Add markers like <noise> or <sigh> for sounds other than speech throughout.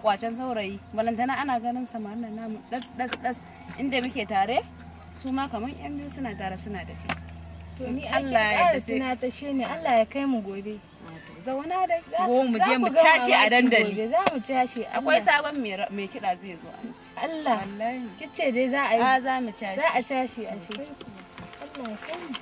kwacen saurayi balantana ana ganin samarin nan namu das das das inda muke tare su ma kamar yan biyu suna tare suna da to ni Allah ya da sai na tashe ni Allah ya kai mu gobe zauna da go mu je mu tashi a dandali za mu tashi akwai sabon mai kiɗa zai zo an ci Allah wallahi kice dai za a yi ah, za mu tashi za a tashi a ce Allah ya kai mu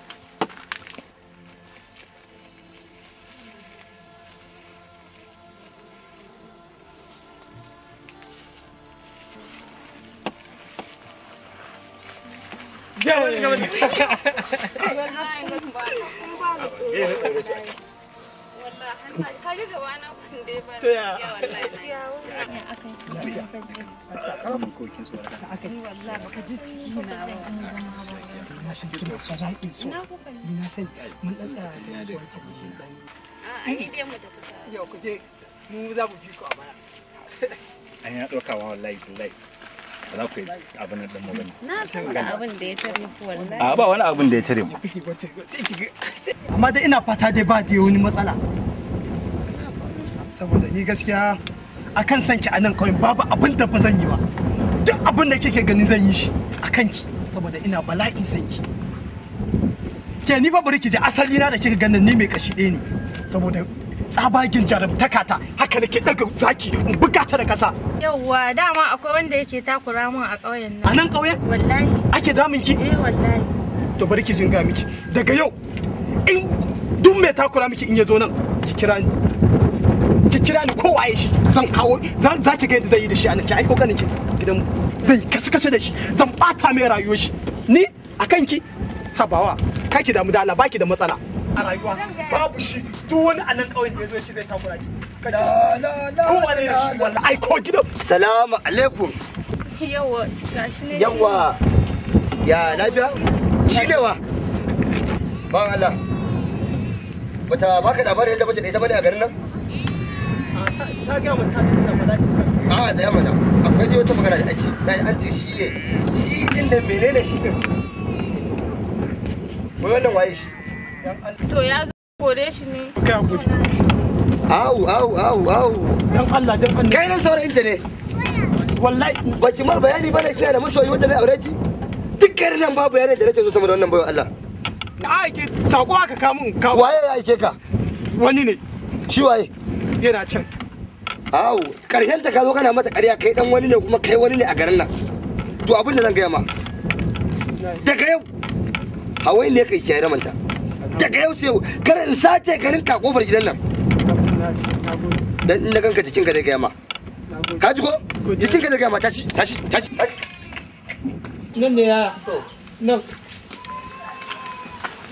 Yau a baya. An ya ɗaukawa wallahi wallahi. za ku yi abin nan mu bane na san da abin da ya tare ku wallahi a ba wani abin da ya tare mu amma dai ina fata dai ba da wani matsala saboda ni gaskiya akan san ki nan kawai babu abin da ba zan yi ba duk abin da kike gani zan yi shi a kan ki saboda ina bala'in san ki ke ni fa bari ki je asali na da kika ganin ni mai kashi ɗaya ne saboda tsabagen jarumtaka ta haka nake daga zaki in buga ta da kasa yawwa dama akwai wanda yake takura mun a ƙauyen nan a nan ƙauye? wallahi ake damun ki eh wallahi to bari ki jinga miki daga yau in duk mai takura miki in ya zo nan ki kira ni ki kira ni ko waye shi zan kawo zan zaki ga yadda zai yi da shi a nan ki aiko kanin ki gidan zai kace kace da shi zan bata mai rayuwar shi ni akan ki habawa kaki damu da Allah baki da matsala a rayuwa babu shi duk ya zo shi ne shi ko gidan salamu alaikum yawa gashi ne yawa ya lafiya da ita bane a garin nan ta ga ta ba za ki san a da yamma akwai wata magana da ake na an ce shi ne shi din da menene shi din wai wannan waye shi To ya zo kore shi ne. Kai hakuri. Au au au au. Dan Allah dan Allah. Kai nan saurayin ta ne. Wallahi baki ma bayani bane kina da masoyi wanda zai aure ki. Duk nan bayani da nake so wannan Allah. aike sako aka kamun ka. Waye ya aike ka? Wani ne. Shi waye? Yana can. Au, karshen ta kana mata ƙarya kai dan wani ne kuma kai wani ne a garin nan. To abin da zan gaya ma. Daga yau, Hawai ne kai kyare manta. daga yau sai kar in sace garin ka kofar gidan nan dan inda kanka jikin ka daga yamma ka ji ko jikin ka daga yamma tashi tashi tashi nan ne ya nan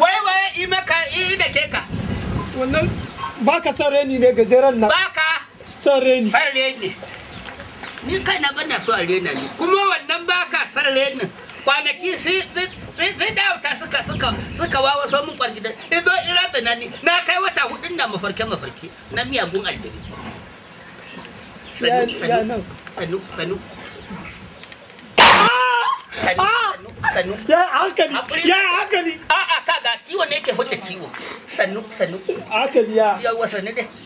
wai wai i ka i da ke ka wannan baka son reni ne gajeren nan baka son reni son reni ni kai na bana so a rena ni kuma wannan baka son reni kwanaki sai dawata suka suka suka wawa so mun da ido ira nani na kai wata hudun da mafarke mafarke na miyagun aljiri sanu sanu sanu sanu ya hankali ya hankali a'a kaga ciwo ne yake hudda ciwo sanu sanu hankali ya yawa sanu dai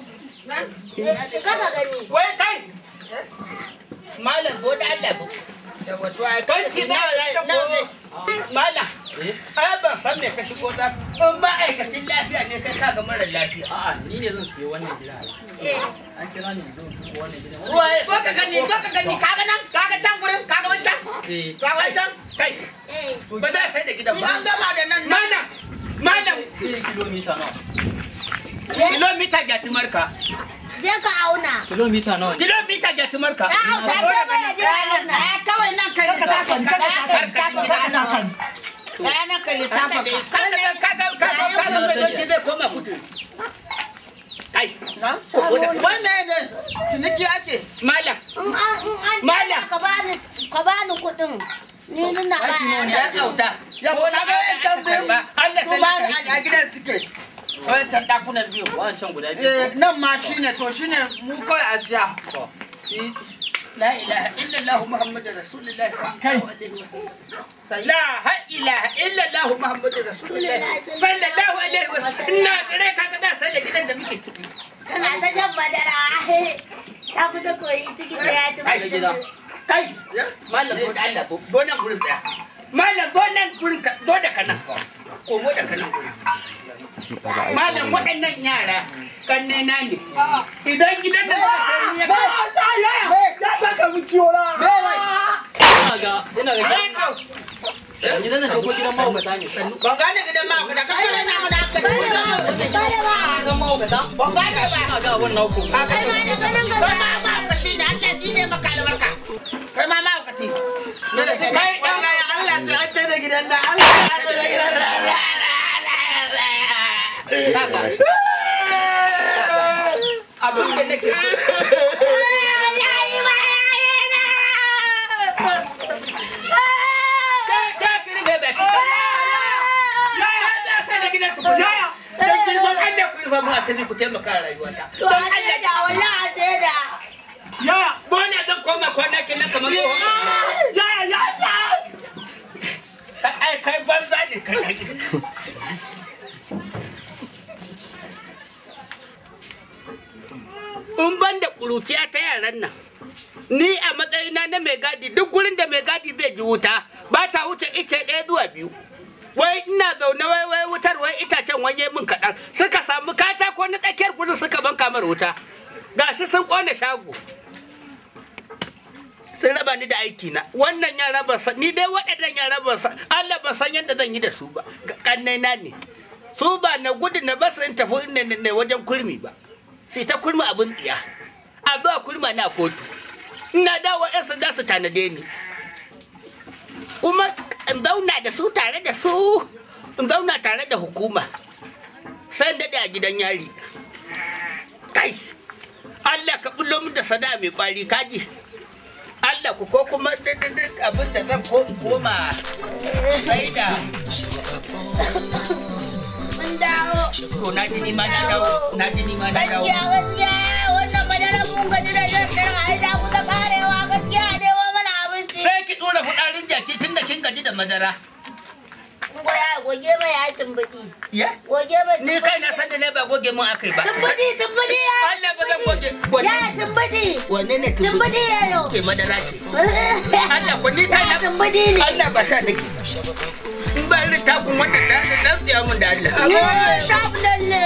Wai kai! Malam bude Allah ba. me lafiya ne kai ka mara lafiya. A'a, ni ne zan siya wannan gida. Eh. An ni zo wannan ko ko ka ka ka Ka eh. eh. Ba da sai da gidan ba. An gama da nan. Malam, malam. Kilomita nawa. kilomita gatimarka je ka auna kilomita nawa kilomita gatimarka ka auna je ba je auna kawai nan ka ka ka ka ka ka ka Kana ka lissafa ka ka ka ka ka ka ka ka koma kudu kai na wannan ne ciniki ake malam malam ka bani ka bani kudin ni nuna ba ya kauta ya ko na ga yan tambayin Allah sai ka a gidan suke wọn tẹ dákú náà bí ee náà máa ṣí náà tó ṣí náà mú kọ́ ilaha illallah Muhammadu Rasulillah sallallahu alaihi wa sallam. Láhà ilaha illallah Muhammadu Rasulillah sallallahu alaihi gidan da muke ciki Kai! Malam ko nan da. Malam ko mo da ka Malam waɗannan yara ƙannena ne. Idan gidan da za ka yi ya ya ta ka mu ciwo na. Ina ga ina ga. Gidan da ko gidan mahaukata ne sannu. Ban gane gidan mahaukata ka kare na mana haka. Gidan mahaukata. Ban gane ba. Ina ga wannan ko. Ba ma da ganin gaba. Ba ma mahaukaci da Allah ni ne maka albarka. Kai ma mahaukaci. Kai Allah ya Allah sai an tsaye da gidan da Allah ya Allah da gidan. abin da nake taimaka rayuwata. To a sai da da. banza kuruciya ta yaran nan ni a matsayina na mai gadi duk gurin da mai gadi zai ji wuta ba ta wuce ice ɗaya zuwa biyu wai ina zaune wai wai wutar wai itacen wanye min kaɗan suka samu katako na tsakiyar gurin suka ban kamar wuta gashi sun ƙona shago sun raba ni da aiki na wannan ya raba sa ni dai waɗannan ya raba sa Allah ba san yadda zan yi da su ba kannai na ne su ba na gudu na basu in tafi ne wajen kurmi ba sai ta kurmi abin tsiya a ba kurma na kotu na dawo yan sanda su tanade ni kuma in zauna da su tare da su in zauna tare da hukuma sai daɗe a gidan yari kai Allah ka bullo min da sada mai kwari kaji Allah ku ko kuma abin da zan koma sai da mun dawo to na ji ni ma na dawo na ji ni ma na dawo nan mun gaji da yin nan a da ku karewa gaskiya ne wa mana abinci. Sai ki tura fudarin jaki tun da kin gaji da madara. Goya goge mai ya tumbuɗi. Ya? Goge mai Ni kai na san da ne ba goge mun akai ba. Tumbuɗi tumbuɗi ya. Allah ba zan goge. Ya tumbuɗi. Wanne ne tumbuɗi? Tumbuɗi ya yau. Ke madara ce. <laughs> Allah ku ni kai na. Tumbuɗi ne. Allah ba sha dake. In ba irin takun wannan da da da mun da Allah. Ni sha lalle.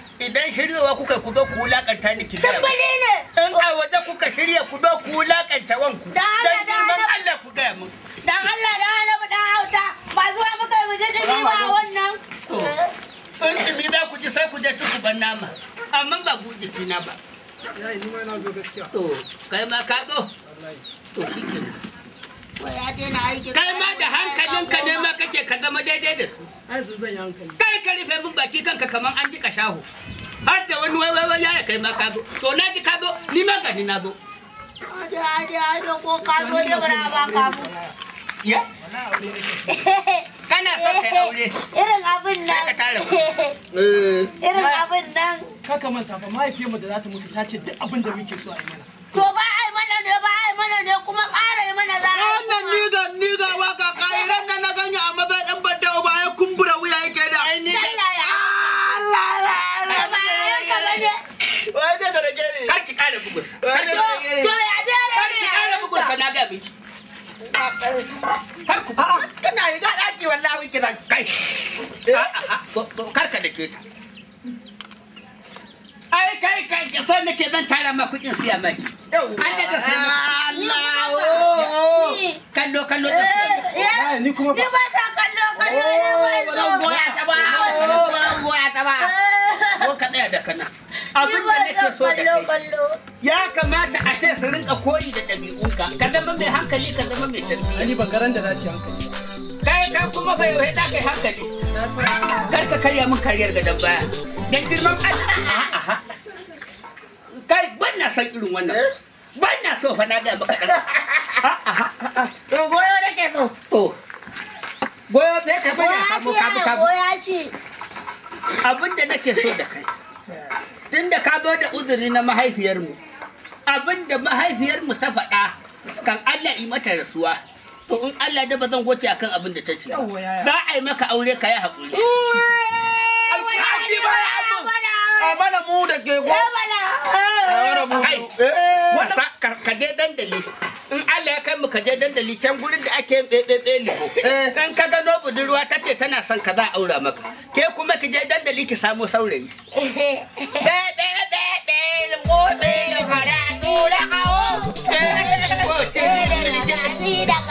idan shiryawa kuka ku zo ku wulakanta ni ki gaya tabbali ne in a waje kuka shirya ku zo ku wulakanta wanku dan girman Allah ku gaya mu dan Allah da Allah mu dan hauta ba zuwa muka yi muje da ba wannan in kimi za ku ji sai ku je tuku ban nama amma ba ku ji kina ba yayi ni ma na zo gaskiya to kai ma ka zo to shi kai ma da ka ne ma kake ka zama daidai da su kai ka rufe min baki kanka kamar an jika shaho har da wani wai wai yaya kai ma ka zo to na ji ka zo ni ma gani na zo ade ade ade ko ka zo ne bara ba ka mu ya kana so kai aure irin abin nan ka tare eh. irin abin nan kaka manta fa mu da za ta mutu ta ce duk abin da muke so a yi mana niga niga waka kairan nan na ganya a matsayin dan badda uba ya kumbura wuya yake da wai da da gere karki kare bugunsa karki kare bugunsa na ga miki har ku fara kana yi ga daki wallahi a kai eh. karka da ke ta so nake zan tara ma kuɗin siya maki. An daga sai maki. Kallo kallo da su. Eh, eh. Ni kuma ba. Ni ba ta kallo kallo ne oh, ba. Ba zan goya ta ba. Ba eh. zan goya ta ba. Ko ka tsaya da kana. Abin da nake so da kai. Ya kamata a ce su rinka koyi da ɗabi'unka. Ka zama mai hankali ka zama mai tarbiyya. Ni ba garan da za su hankali. Kai ka kuma bai wai da kai hankali. Kar ka karya min kariyar gadon baya. Dan girman Allah. san irin wannan ban na so fa na ga maka dan to goyo ke so to goyo bai ka bane samu kabu kabu abin da nake so da kai tunda ka zo da uzuri na mahaifiyarmu abin da mahaifiyarmu ta faɗa kan Allah yi mata rasuwa to in Allah da ba zan goce akan abin da ta ce za a yi maka aure ka yi haƙuri a mana mu da ke Eh. ka je dandali in Allah ya kai mu ka je dandali can gurin da ake yin bebe dan in ka gano budurwa ta ce tana son ka za aura maka ke kuma ki je dandali ki samo saurayi bebe eh. bebe libo bebe libo da dura hawo eh. ko ce da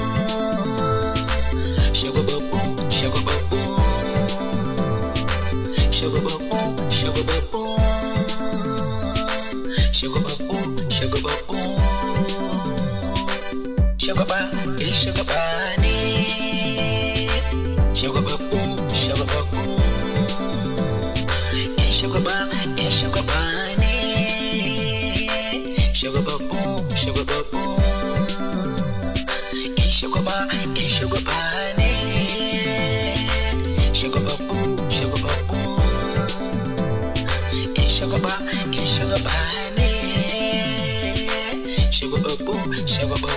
sugar bubble, sugar bubble. Eh, sugar bar, eh, sugar bar, sugar bubble, sugar bubble. Eh, sugar sugar sugar bubble, sugar bubble.